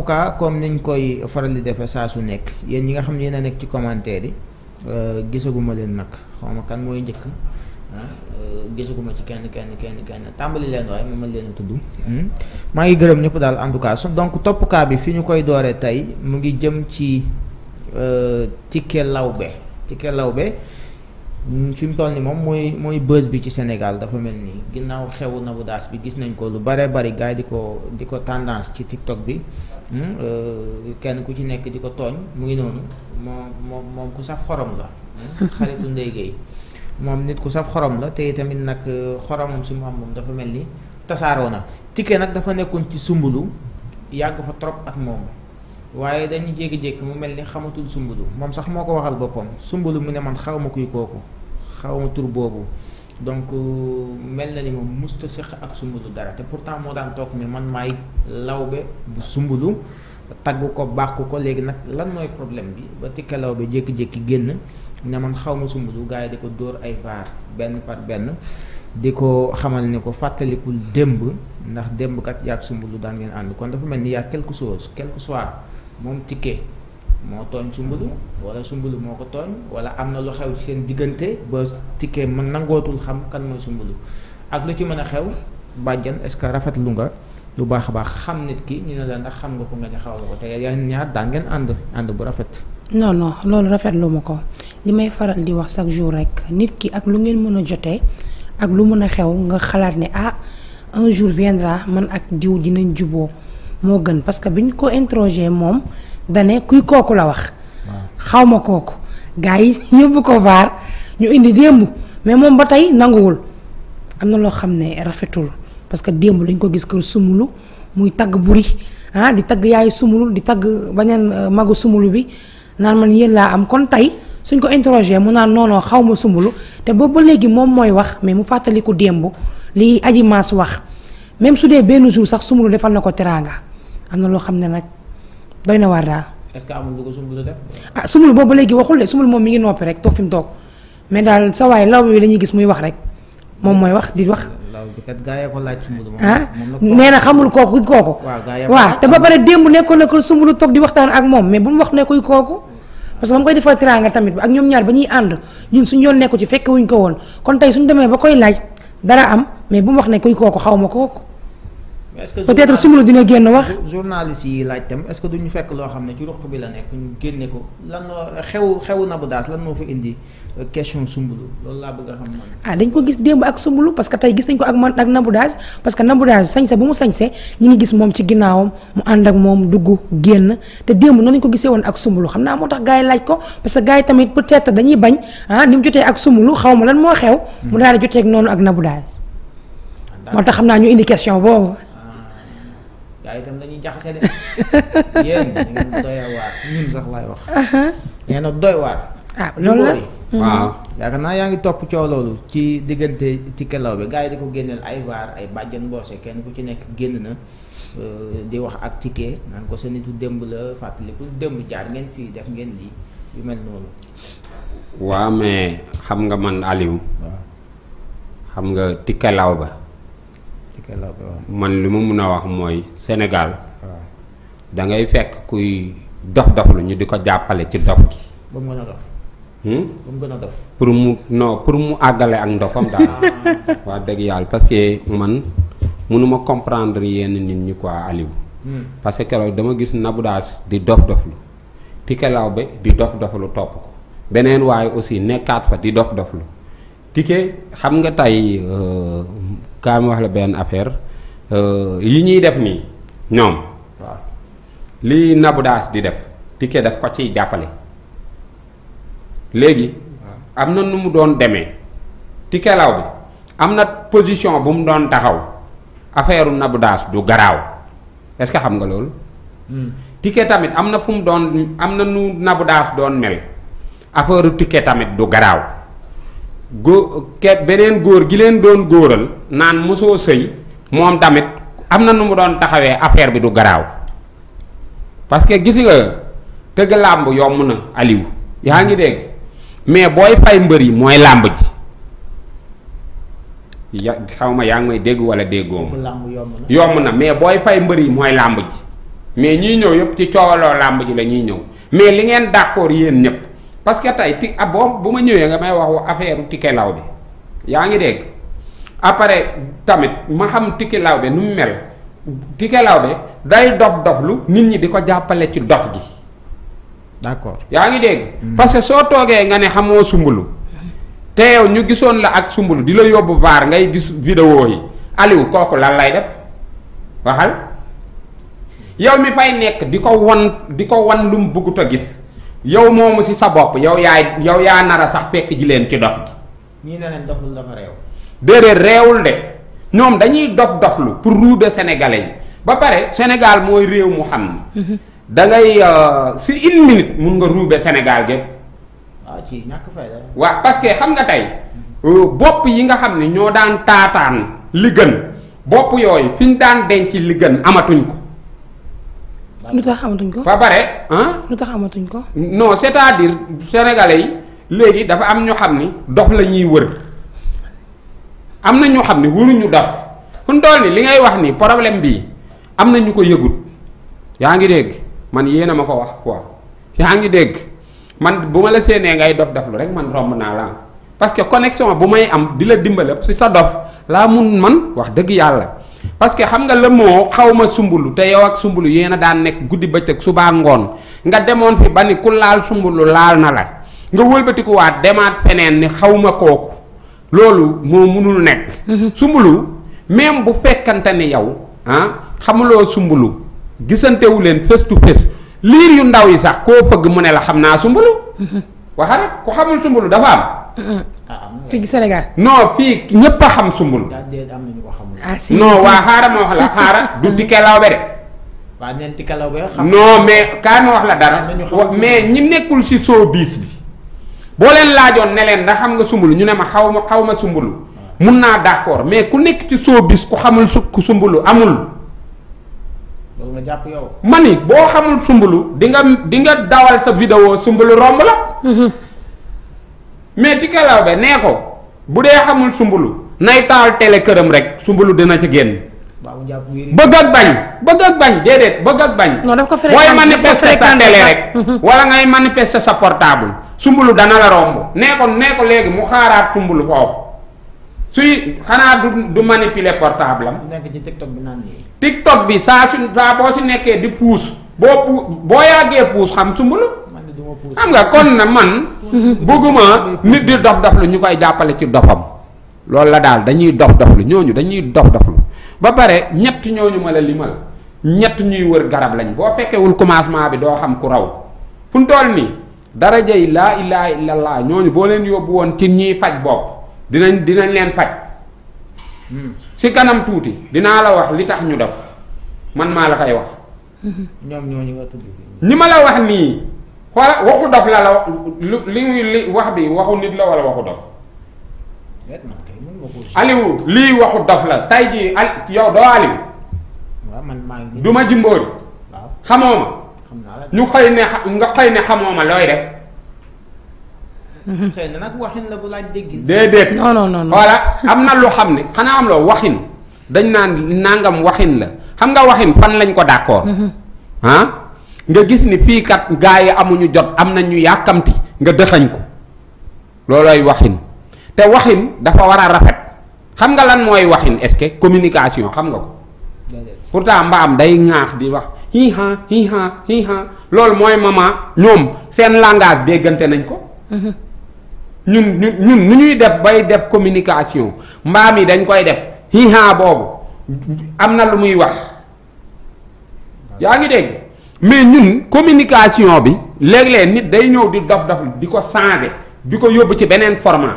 tout cas comme niñ faral di defee su nekk yéen ñi nga xam ne yéen ci commentaire yi euh, gisaguma leen nag xaw kan mooy njëkk ah, euh, gisaguma ci kenn kenn kenn kenn tàmbali leen waaye ma mën leen a tudd. Hmm? maa ngi gërëm ñëpp daal en tout cas donc toppukaa bi fi ñu koy dooree tey mu ngi jëm ci euh, tikke lawbe tikke lawbe. Mm, fi mu toll nii moom mooy mooy buzz bi ci Sénégal dafa mel nii ginnaaw xew Nabou bi gis nañ ko lu bare bari gars di ko di ko tendance ci TikTok bi mm, euh, kenn ku ci nekk di ko tooñ mu ngi noonu moom moom moom ku saf xorom la mm, xaritu Ndeye Gueye moom nit ku saf xorom la te tamit nag euh, xoromam si mu am moom dafa mel ni tasaaroo na Tické nag dafa nekkoon ci sumbulu yàgg fa trop ak moom waaye dañu jékki-jékki mu mel ni xamatul sumbulu moom sax moo ko waxal boppam sumbulu mu ne man xaw ma kuy kooku xaw ma tur boobu donc euh, mel na ni moom musta séq ak sumbulu dara te pourtant moo daan toog ne man maay lawbe bu sumbulu tagg ko bàkku ko léegi nag lan mooy problème bi ba tikka lawbe jékki-jékki génn ne man xaw ma sumbulu gars yi di ko dóor ay vaar benn par benn di ko xamal ni ko fàttalikul démb ndax démb kat yaag sumbulu daan ngeen ànd kon dafa mel ni yaa quelque chose quelque soit moom Tické moo tooñ Soumboulou wala sumbulu moo ko tooñ wala am na lu xew seen diggante ba Tické man nangootul xam kan mooy Soumboulou ak lu ci mën a xew bàjjan est-ce que rafetlu nga lu baax a baax xam nit ki ñu ne la ndax xam nga ko nga ne xaw ko te yéen ñaar daan ngeen ànd ànd bu rafet. non non loolu rafetlu ma ko li may faral di wax chaque jour rek nit ki ak lu ngeen mën a jotee ak lu mën a xew nga xalaat ni ah un jour viendra man ak diw dinañ juboo moo gën parce que ñu ko interrogé moom dane kuy kooku la wax xawma ma kooku gars yi yóbbu ko vaar ñu indi démb mais moom ba tey nanguwul am na loo xam ne rafetul parce que démb lañ ko gis kër sumulu muy tagg buri ah di tagg yaayu sumulu di tagg beneen euh, magu sumulu bi naan man yéen laa am kon tey suñ ko interrogé mu naan noonoo xaw ma sumulu te boobu ba léegi moom mooy wax mais mu fàttaliku démb li aji maas wax même su dee benn jour sax sumulu defal na ko teraanga am na loo xam ne nag doy na waar daal. est-ce que amul lu ko sumbul def. ah sumbul boobu léegi waxul de sumbul moom mi ngi noppi rek toog fi mu toog mais daal sa waay law bi dañuy gis muy wax rek moom mooy wax di wax. law bi kat gaa ko laaj sumbul ah, nee na xamul kooku kooku. waaw te ba pare démb nekkoon na ko sumbul toog di waxtaan ak moom mais bu mu wax ne kuy kooku. parce que ba mu koy defal teraanga tamit ak ñoom ñaar ba ñuy ànd ñun suñ yoon nekku ci fekkee wuñ ko woon kon tey suñu demee ba koy laaj dara am mais bu mu wax ne kuy kooku xaw ma kooku est-ce peut-être sumul dina génn wax. journaliste yi laaj tam est-ce que duñu fekk loo xam ne ci ruq la nekk ñu génne ko lan moo xew xewu Nabou Dash lan moo fa indi euh, question Soumboulou loolu a ah, dañ ko gis démb ak Soumboulou parce que tey gis nañ ko ak man ak Nabou Dash parce que Nabou Dash sañse bu mu sañse ñu ngi gis moom ci ginnaawam mu ànd ak moom dugg génn te démb noonu lañ ko gisee woon ak Soumboulou xam naa moo tax gars yi laaj ko parce que gars yi tamit peut-être bañ ah, mu jotee ak Soumboulou xaw ma lan moo xew. mu hmm. daal di noonu ak Nabou Dash ah, moo tax xam naa ñu indi question boobu gaa yi itam dañuy jaxase de yéen ngeen doy waar ñun sax laay wax. yéen a doy waar. ah loolu mhm. waaw. yaakaar naa yaa ngi topp coow loolu ci diggante ci kelaw bi gaa yi di ko génneel ay vaar ay bàjjan mboose kenn ku ci nekk génn na. Euh, di wax ak Tické naan ko sa nitu démb la fàttaliku démb jaar ngeen fii def ngeen lii yu mel noonu. waaw mais xam nga man Aliou. xam nga Tické Laobé ba man li ma mun a wax mooy Sénégal ah. da ngay fekk kuy dof dof lu ñu di ko jàppale ci dof gi. mu gën hmm? pour mu non pour mu àggale ak ndofam daal. Ah. wax dëgg yàlla parce que man mënuma comprendre yenn nit ñi quoi Aliou. Hmm. parce que keroog dama gis Nabou di dof dof lu Tikelaaw ba di dof dof lu topp ko beneen waaye aussi nekkaat fa di dof dof lu Tiké xam nga tey euh, kaa ma wax la benn affaire yi euh, ñuy def nii ñoom. li Nabou di def Tické daf ko ci jàppale. léegi am na nu mu doon demee Tické Law bi am na position bu mu doon taxaw affaire Nabou Dash du garaaw est-ce que xam nga loolu. Tické hmm. tamit am na fu mu doon am na nu Nabou doon mel affaire tikke tamit du garaaw. góo ket beneen góor gi leen doon góoral naan mosoo sëy moom tamit am na nu mu doon taxawee affaire bi du garaaw parce que gis nga tëgg làmb yomb na Aliou yaa ngi dégg mais booy fay mbër yi mooy làmb ji ya xaw ma yaa ngi may dégg wala déggoo ma yomb na mais booy fay mbër yi mooy làmb ji mais ñii ñëw yëpp ci coowaloo làmb ji lañuy ñëw mais li ngeen d'accord yéen ñëpp parce que tey ti ab ah, bu ma ñëwee nga may wax affaire ticket law bi yaa ngi dégg après tamit ma xam ticket law bi nu mu mel ticket bi day dof lu nit ñi di ko jàppale ci dof gi. d'accord yaa ngi dégg. Mm. parce que soo toogee nga ne xamoo sumbulu. te yow ñu gisoon la ak sumbulu di la yóbbu baar ngay gis video yi Aliou kooku lan lay def waxal yow mi fay nekk di ko won di ko wan lu mu bëggut a gis. yow moomu si sa bopp yow yaay yow yaa nara sax fekk ji leen ci dof gi. ñii ne leen doful dafa réew. déedéet réewul de ñoom dañuy dof doflu pour ruube sénégalais yi ba pare Sénégal mooy réew mu xam. Mhm. da ngay euh, si une minute mun nga ruube Sénégal gépp ah, waaw ci parce que xam nga tey euh, bopp yi nga xam ne ñoo daan taataan li gën bopp yooyu fi ñu daan denc li gën amatuñ ko. lu tax amatuñ ko. ba pare ah. lu tax amatuñ ko. non c'est-à-dire sénégalais yi léegi dafa am ñu xam ni dof la ñuy wër am na ñu xam ni wëruñu dof fu mu toll ni li ngay wax ni problème bii am na ñu ko yëgut yaa ngi dégg man yéen a ma ko wax quoi yaa ngi dégg man bu ma la séenee ngay dof dof lu rek man romb naa la parce que connexion bu may am di la dimbale si sa dof laa mun man wax dëgg yàlla. parce que xam nga la moo xaw sumbulu te yow ak sumbulu yéen a daan nekk guddi bëccëg subaa ngoon nga demoon fi ba ni ku laal sumbulu laal na la nga wëlbatikuwaat demaat feneen ni xawma ma kooku loolu moo munul nekk. Mhm. sumbulu même bu fekkante ni yow ah, xamuloo sumbulu gisantewu leen face to face liir yu ndaw yi sax koo fëgg mu ne la xam naa sumbulu. Mhm. waxa rek ku xamul sumbulu dafa am. Mhm. Ah, fii Sénégal. non fii ñëpp a xam sumbul. ah si non waa xaara ma wax la xaara. du mm. Tické Lawbe de. waaw neen Tické Lawbe xam non mais kaa ma wax la dara. mais ñi nekkul si showbiz bi. boo leen laajoon ne leen ndax xam nga sumbulu ñu ne ma xaw ma xaw ma sumbulu. Ah. mun naa d'accord mais ku nekk ci showbiz ku xamul su ku sumbulu amul. loolu nga jàpp yow. ma ni boo xamul sumbulu di nga dawal sa vidéo sumbulu romb la. Mm-hmm. mais Tické Laobé nee ko bu dee xamul sumbulu nay taal télé këram rek sumbulu dina ci génn. waaw bëgg ak bañ bëgg ak bañ déedéet bëgg ak bañ. non daf ko booy manifester sa télé rek. wala ngay manifester sa portable sumbulu dana la romb nee ko nee ko léegi mu xaaraat sumbulu foofu. suy xanaa du du manipuler portable am. nekk ci TikTok bi naan TikTok bi saa su saa boo si nekkee di puus boo pu boo yàggee puus xam sumbulu xam nga kon na man bëgguma nit di dof dof lu ñu koy jàppale ci dofam loolu la daal dañuy dof dof lu ñooñu dañuy dof dof lu ba pare ñett ñooñu ma la limal ñett ñuy wër garab lañ boo fekkewul commencement bi doo xam ku raw fu mu toll nii daraja yi laa ilaha illallah ñooñu boo leen yóbbu woon ci ñuy faj bopp dinañ dinañ leen faj si kanam tuuti dinaa la wax li tax ñu def man maa la koy wax ñoom ñi ma la wax nii xoola waxu dof la la lu li wax bi waxu nit la wala waxu dof Aliou lii waxu dof la tay ji al yow doo Aliou. waaw man ma jimboori. waaw xamoo ma. ñu xëy ne xa nga xamoo ma looy def. xëy na nag la bu laaj dégg. déedéet am na lu xam ne xanaa am loo waxin dañ naan nangam waxin la xam nga waxin fan lañ ko d'accord. ah. nga gis ni fii kat gaa yi amuñu jot am na ñu yàkkamti nga dëxañ ko loolooy waxin te waxin dafa war a rafet xam nga lan mooy waxin est-ce que communication xam nga ko pourtant mbaam day ŋaax di wax hiha hiha hiha loolu mooy maman ñoom seen langage déggante nañ ko ñun ñun ñun nu ñuy def bay def communication mbaam yi dañ koy def hiha boobu am na lu muy wax yaa ngi dégg mais ñun communication bi léeg-léeg nit day ñëw di dof dof di ko changé di ko yóbbu ci beneen format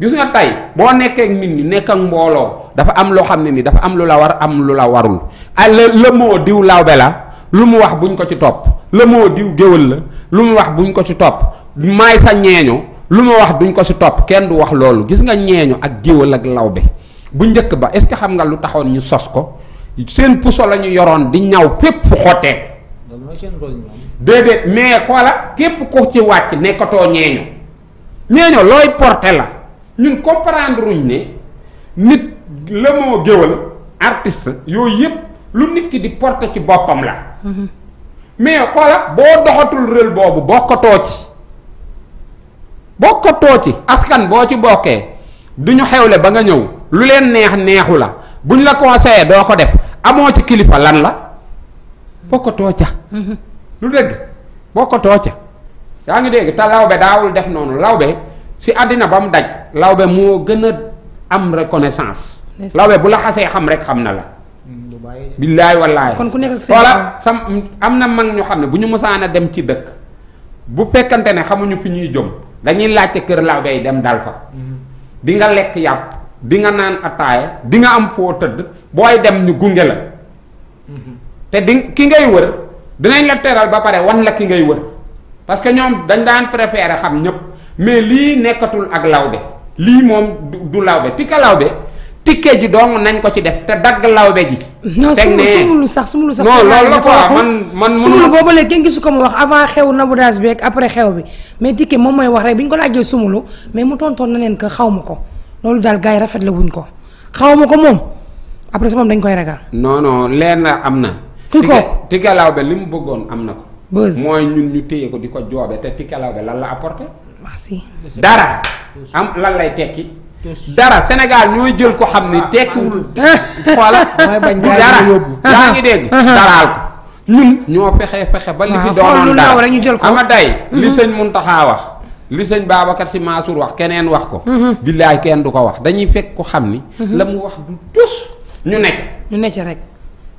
gis nga tey boo nekkee ak nit ñu nekk ak mbooloo dafa am loo xam ne ni dafa am lu la war am lu la warul ay ah, la le mot diw lawbe la lu mu wax buñ ko ci topp le mot diw géwël la lu mu wax buñ ko ci topp maay sa ñeeño lu mu wax duñ ko ci topp kenn du wax loolu gis nga ñeeño ak géwël ak lawbe bu njëkk ba est-ce que xam nga lu taxoon ñu sos ko seen puso la ñu yoroon di ñaw fépp fu xottee déedéet mais xoola képp ko ci wàcc nekkatoo ñeeño ñeeño looy porté la ñun comprendre ruñ ne nit la moo géwal artiste yooyu yëpp lu nit ki di porté ci boppam la mm-hmm. mais xoola boo doxatul rël boobu bokkatoo ci bokkatoo ci askan boo ci bokkee du ñu xewle ba nga ñëw lu leen neex neexu la buñ la conseillé doo ko def amoo ci kilifa lan la bokkatoo ca mhm. lu dëgg bokkatoo ca yaa ngi dégg te lawbe daawul def noonu lawbe si àddina ba mu daj lawbe moo gën a am reconnaissance lawbe bu laxasee xam rek xam na la mm, billaay wallaay kon ku nekk ak walla sam am na mag ñu xam ne bu ñu mosaan a dem ci dëkk bu fekkante ne xamuñu fi ñuy jom dañuy laajte kër lawbe yi dem dal fa mm-hmm. di nga lekk yàpp di nga naan ataaya di nga am foo tëdd booy dem ñu gunge la te di ki ngay wër dinañ la teral ba pare wan la ki ngay wër parce que ñoom dañ daan préférer xam ñëpp mais lii nekkatul ak lawbe lii moom du lawbe pika lawbe tikke ji dong nañ ko ci def te dagg lawbe ji. teg nee sumulu sax sumulu sax. non loolu la quoi man man mënu sumulu boobu léegi kenn gisu ko mu wax avant xew nabudaas bi ak après xew bi mais tikke moom mooy wax rek bi ñu ko laajee sumulu mais mu tontoon na leen ko xaw ma ko. loolu daal gars yi rafet la wuñ ko xaw ma ko moom après moom dañ koy ragal. noonu non leer na am na. ku ko Tika Lawbe li mu bëggoon am na ko. bës mooy ñun ñu téye ko di ko joobe te Tika bi lan la apporté. merci. Ah, dara am lan lay tekki. dara Sénégal ñooy jël ko xam ne tekkiwul. xoola dara yaa ngi dégg. Uh-huh. daraal ko ñun. ñoo fexe fexe ba li fi doonoon dara ama day li mm-hmm. sëñ Muntaxa wax. li sëñ Babacar si Mansour wax keneen wax ko. Mhm. billaay kenn du ko wax dañuy fekk ko xam ni. Mhm. la mu wax du tus ñu nekk. ñu nekk rek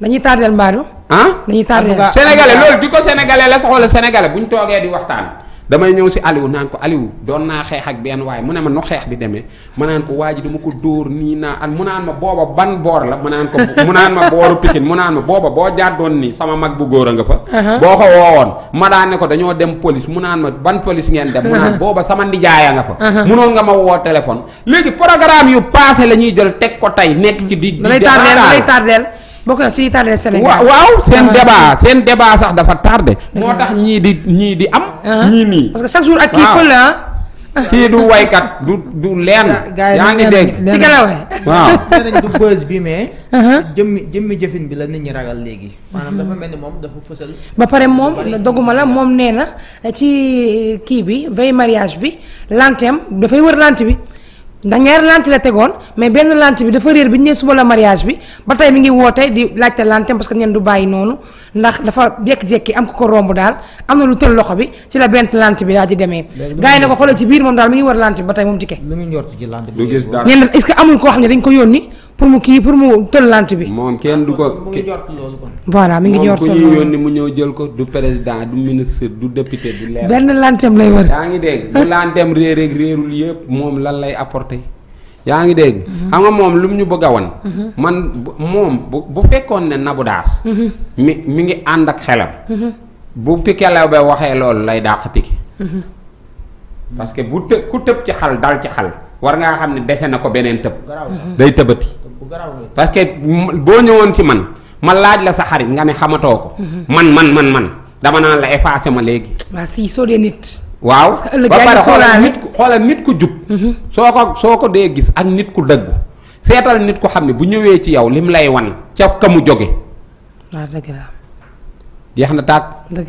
dañuy tardel mbaaru. ah dañuy tardel sénégalais loolu di ko sénégalais la soxla sénégalais bu ñu toogee di waxtaan. damay ñëw si Aliou naan ko Aliou doon naa xeex ak benn waaye mu ne ma nu xeex bi demee ma naan ko waa ji dama ko dóor nii naa an mu naan ma booba ban boor la ma naan ko mu naan ma booru Pikine mu naan booba boo jàddoon nii sama mag bu góor a nga fa uh-huh. boo ko woowoon ma daan ne ko dañoo dem police mu naan ma ban police ngeen dem mu naan uh-huh. booba sama nijaay a nga fa uh-huh. munoon nga ma woo téléphone léegi programme yu passé la ñuy jël teg ko tey nekk ci di di tardeel bokk na ci tardé Sénégal waaw seen débat seen débat sax dafa tardé. moo tax ñii di ñii di am. Ah. ñii nii parce que chaque jour ak kii fël la ah. kii du waykat du du leen. yaa ngi dégg ci galaw waaw du buzz bi mais. Uh-huh. jëmmi jëmmi jëfin bi la nit ñi ragal léegi. Uh-huh. maanaam dafa mel ni moom dafa fësal. ba pare moom doguma la moom nee na ci kii bi veille mariage bi lantem dafay wër lant bi. ndax ñaari lant la tegoon mais benn lant bi dafa réer bi ñu ne suba la mariage bi ba tey bi ngi woote di laajte lanteem parce que ñen du bàyyi noonu ndax dafa jékki-jékki am ku ko romb daal am na lu tël loxo bi ci la benn lanti bi daal di demee. gars yi na ci biir moom daal mi ngi war lanti bi ba tey moom ci ke. lu mu que amul koo xam ne dañ ko yónni pour mu kii pour mu tollant bi. moom kenn du ko mu ngi jort mi ngi jort loolu moom ku ñuy yónni mu ñëw jël ko du président du ministre du député du leer. benn lantem lay war yaa ngi dégg bu lantem réer ak réerul yëpp moom lan lay apporter. yaa ngi dégg. Mhm. xam nga moom lu mu ñu bëgg a wan. Mhm. man moom bu bu fekkoon ne nabu Dash. Mhm. mi mi ngi ànd ak xelam. bu tikelew ba waxee loolu lay daax tiki. parce que bu të ku tëb ci xal dal ci xal war ngaa xam ne dese na ko beneen tëb. day parce que boo ñëwoon ci man man laaj la sa xarit nga ne xamatoo ko. Mm-hmm. man man man man dama naa la effacé ma léegi. waaw si nit. waaw ba pare xoolal nit ku xoolal nit ku jub. Mm-hmm. soo ko soo ko dee gis ak nit ku dëgg seetal nit ko xam ne bu ñëwee ci yow lim lay wan ca ka mu jóge. jeex na tàkk.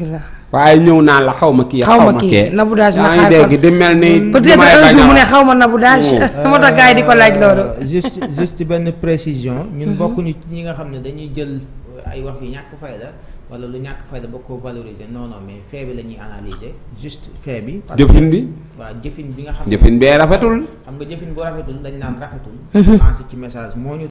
waaye ñëw naan la xaw ma kii xaw ma kii Nabou Dash na xaar dégg di mel ni mm. peut-être un jour mu ne xaw ma Nabou Dash mm. di ko laaj euh, loolu euh, juste juste benn précision ñun mm-hmm. bokkuñu ci ñi nga xam ne dañuy jël euh, ay wax yu ñàkk fayda wala lu ñàkk fayda ba ko valoriser non mais feebi bi la ñuy analyser juste fait bi jëfin bi waaw jëfin bi nga xam ne jëfin xam nga jëfin bu rafetul dañ naan rafetul mm-hmm. moo ñu